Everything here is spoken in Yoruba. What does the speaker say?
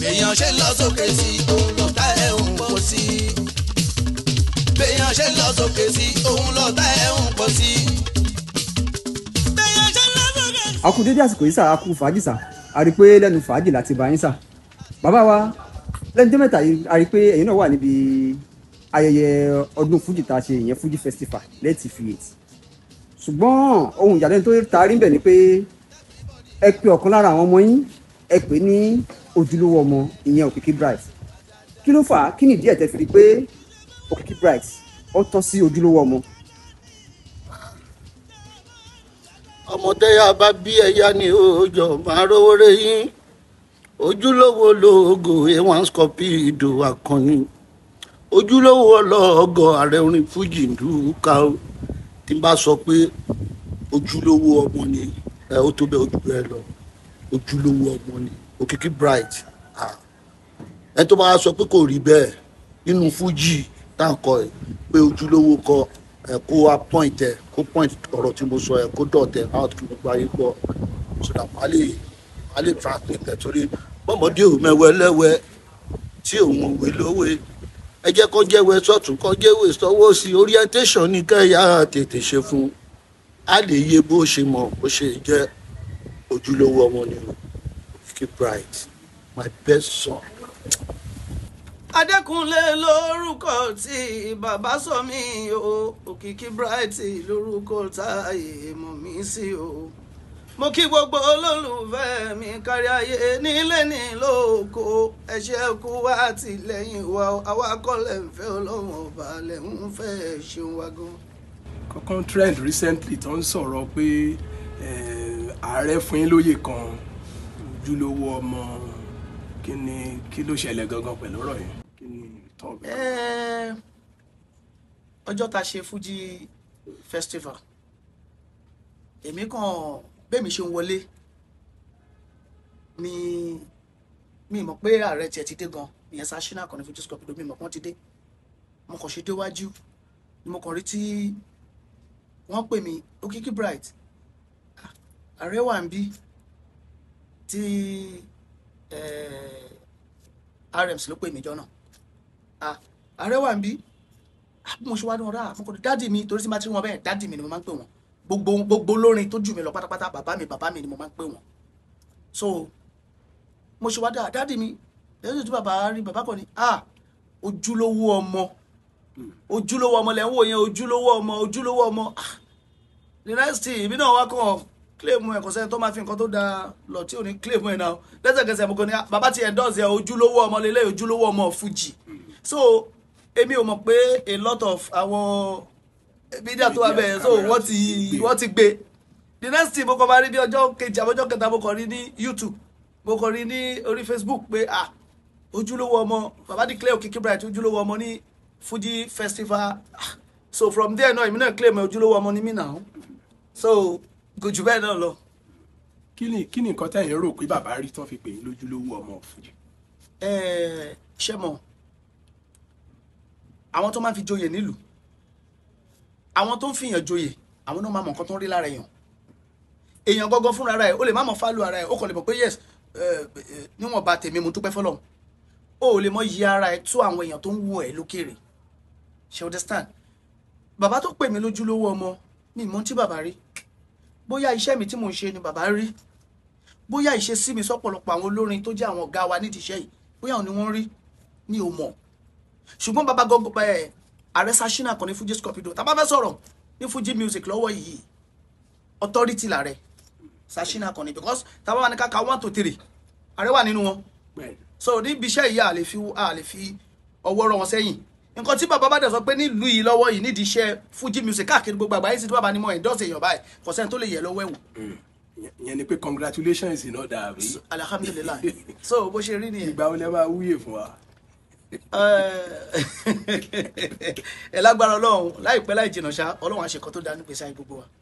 béèyàn ṣe lọ sókè sí òun lọ́tà ẹ̀ ń pọ̀ sí béèyàn ṣe lọ sókè sí òun lọ́tà ẹ̀ ń pọ̀ sí. akun dédé àsìkò yìí sà kú fàájì sà á rí i pé lẹ́nu fàájì láti bá yín sà bàbá wa lẹ́nu dé mẹ́ta yìí a rí i pé ẹ̀yin náà wà níbi ayẹyẹ ọdún fújì tá a ṣe ìyẹn fújì festival lẹ́ẹ̀tì fìyètì ṣùgbọ́n ohun ìyàlẹ́nu tó taari ń bẹ̀ ni pé ẹ pé ọ̀kan lára àwọn ọmọ yín ẹ pè ní ojúlówó ọmọ ìyẹn òkìkí bright kí ló fà á kí nìdí ẹ̀ tẹ́ fi pé òkìkí bright ó tọ́ sí ojúlówó ọmọ. ọmọdé yá bá bí ẹyá ni òòjọ máa rówó rẹ yín ojúlówó lóògùn a1 Scorpido akọni ojúlówó ọlọ́ọ̀gọ̀ ààrẹ orin fújì ń dúkà ó tí n bá sọ pé ojúlówó ọmọ ni ẹ ó tó bẹ ojú rẹ lọ ojúlówó ọmọ ni òkìkí bright ah. ẹ tó máa sọ pé kò rí bẹ́ẹ̀ nínú fújì tá à ń kọ ẹ pé ojúlówó kọ ẹ kó wá point ẹ kó point ọ̀rọ̀ tí mo sọ ẹ kó dọ̀tẹ̀ out kí gbogbo ayé gbọ́ sọdà má lè má lè translate ẹ torí bọ́mọdé ò mẹ́wẹ́lẹ́wẹ́ tí òun òwe lówe ẹ jẹ́ kó jẹ́wẹ́ sọ́tún kó jẹ́wẹ́ sọ́wọ́ sí orientation ní kẹ́yà tètè ṣe fún a lè yé bó ṣe mọ̀ bó ṣe jẹ́ ojúlówó ọmọ nìyẹn keep bright my best song. Adékúnlé lórúkọ tí bàbá sọ mí o òkìkí bright lórúkọ táyé mọ̀ mí sí o mo kí gbogbo olólùfẹ́ mi kárí ayé nílé ní lóko ẹ kú wá tìlẹ́yìn wa àwa lẹ̀ ń fẹ́ ọlọ́run ọba lẹ̀ ń fẹ́ ṣeun wa gan. kankan trend recently tó ń sọ̀rọ̀ pé eh, ààrẹ fún yín lóye kan ojúlówó ọmọ kí ni kí ló ṣẹlẹ̀ gangan pẹ̀lú ọ̀rọ̀ yẹn kí ni tọ́ mi. ọjọ́ tá ṣe Fuji festival èmi kàn bẹ́ẹ̀mi ṣe ń wọlé ni mi mọ̀ pé ààrẹ tiẹ̀ ti dé gan ìyẹn sashina kan ní Fuji scorpido mi mọ̀ pé wọ́n ti dé mo kàn ṣe déwájú ni mo kàn rí tí wọ́n pè mí Okiki Bright ààrẹ wà ń bí tí eh, rms ló pè mí jọ náà ààrẹ wà ń bí mo ṣe wá ní ọ̀rá mo kò ní dádì mi torí tí ma ti rí wọn bẹ́ẹ̀ dádì mi ni mo máa ń pè wọn gbogbo gbogbo olórin tó jù mí lọ pátápátá bàbá mi bàbá mi ni mo máa ń pè wọn so mo ṣe wá dá dádì mi lẹ́yìn tí bàbá rí bàbá kan ní ah ojúlówó ọmọ ojúlówó ọmọ lẹ́wọ̀n yẹn ojúlówó ọmọ ojúlówó ọmọ ah the next thing èmi náà wá kàn claim ẹ̀ kò sẹ́ni tó máa fi nǹkan tó dáa lọ tí ò ní claim ẹ̀ náà lẹ́sẹ̀kẹsẹ̀ mo kàn ní bàbá ti endorse ẹ̀ ojúlówó ọmọ lélẹ̀ ojúlówó ọmọ Fuji so èmi ò mọ̀ pé a lot of àwọn media tó wà bẹ́ẹ̀ so wọ́n ti wọ́n ti gbé the next thing mo kàn máa rí ní ọjọ́ kejì àbọ̀jọ́ kẹta mo kàn rí ní YouTube mo kàn rí ní orí Facebook pé ah ojúlówó ọmọ bàbá declare Òkìkí Bright ojúlówó ọmọ ní Fuji festival ah, so from there náà èmi náà claim ojúlówó ọmọ ní mí náà so kò jù bẹ́ẹ̀ náà lọ. kí ni kí ni nǹkan tẹ̀yìn rò pé bàbá rí tán fi pè é lójúlówó ọmọ Fújì. ẹ ẹ ṣé mọ̀ àwọn tó máa ń fi joyè nílùú àwọn tó ń fìyàn joyè àwọn náà máa mọ nǹkan tó ń rí lára èèyàn èèyàn gọgọ fúnra rẹ̀ ó lè má mọ fálù ara ẹ̀ ó kàn lè mọ̀ pé yes níwọ̀n ba tèmi mo dúpẹ́ fọ́lọ́run ó lè mọ yí ara ẹ̀ tó àwọn èèyàn tó ń wò ẹ́ lókèrè ṣe understand bàbá tó pè mí lójúlówó ọmọ mi mọ tí bàbá rí bóyá iṣẹ́ mi tí mò ń ṣe ni bàbá ń rí bóyá ìṣesí mi sọ́pọ̀lọpọ̀ àwọn olórin tó jẹ́ àwọn ọ̀gá wa nídìí iṣẹ́ yìí bóyá òun ni wọ́n rí ní o mọ̀ ṣùgbọ́n bàbá gọ́gọ́ ẹ̀ ààrẹ Sashina Akanni Fuji scorpido tá a bá fẹ́ sọ̀rọ̀ ní Fuji music lọ́wọ́ yìí authority làrẹ Sashina Akanni because tá a bá wà ní káka one to three ààrẹ wà nínú wọn so níbi iṣẹ́ yìí a lè fi ọwọ́ rọ wọn sẹ́yìn nǹkan tí bàbá bá dẹ̀ sọ pé nílùú yìí lọ́wọ́ yìí nídìí iṣẹ́ Fuji music káàkiri gbogbo àgbáyé sí tí bàbá ni mo endorse èèyàn báyìí kò sẹ́ni tó lè yẹ lọ́wọ́ ẹ̀wò. ìyẹn mm. ni pé congratulations iná dàbí. alhamdulilayi so bó ṣe rí nìyẹn. ìgbà wo lẹ máa wúyè fún wa. Eh, ẹ lágbára Ọlọ́run láìpẹ́ láì jìnnà ṣá Ọlọ́run á tó dáa nígbèsè àyè gbogbo wa.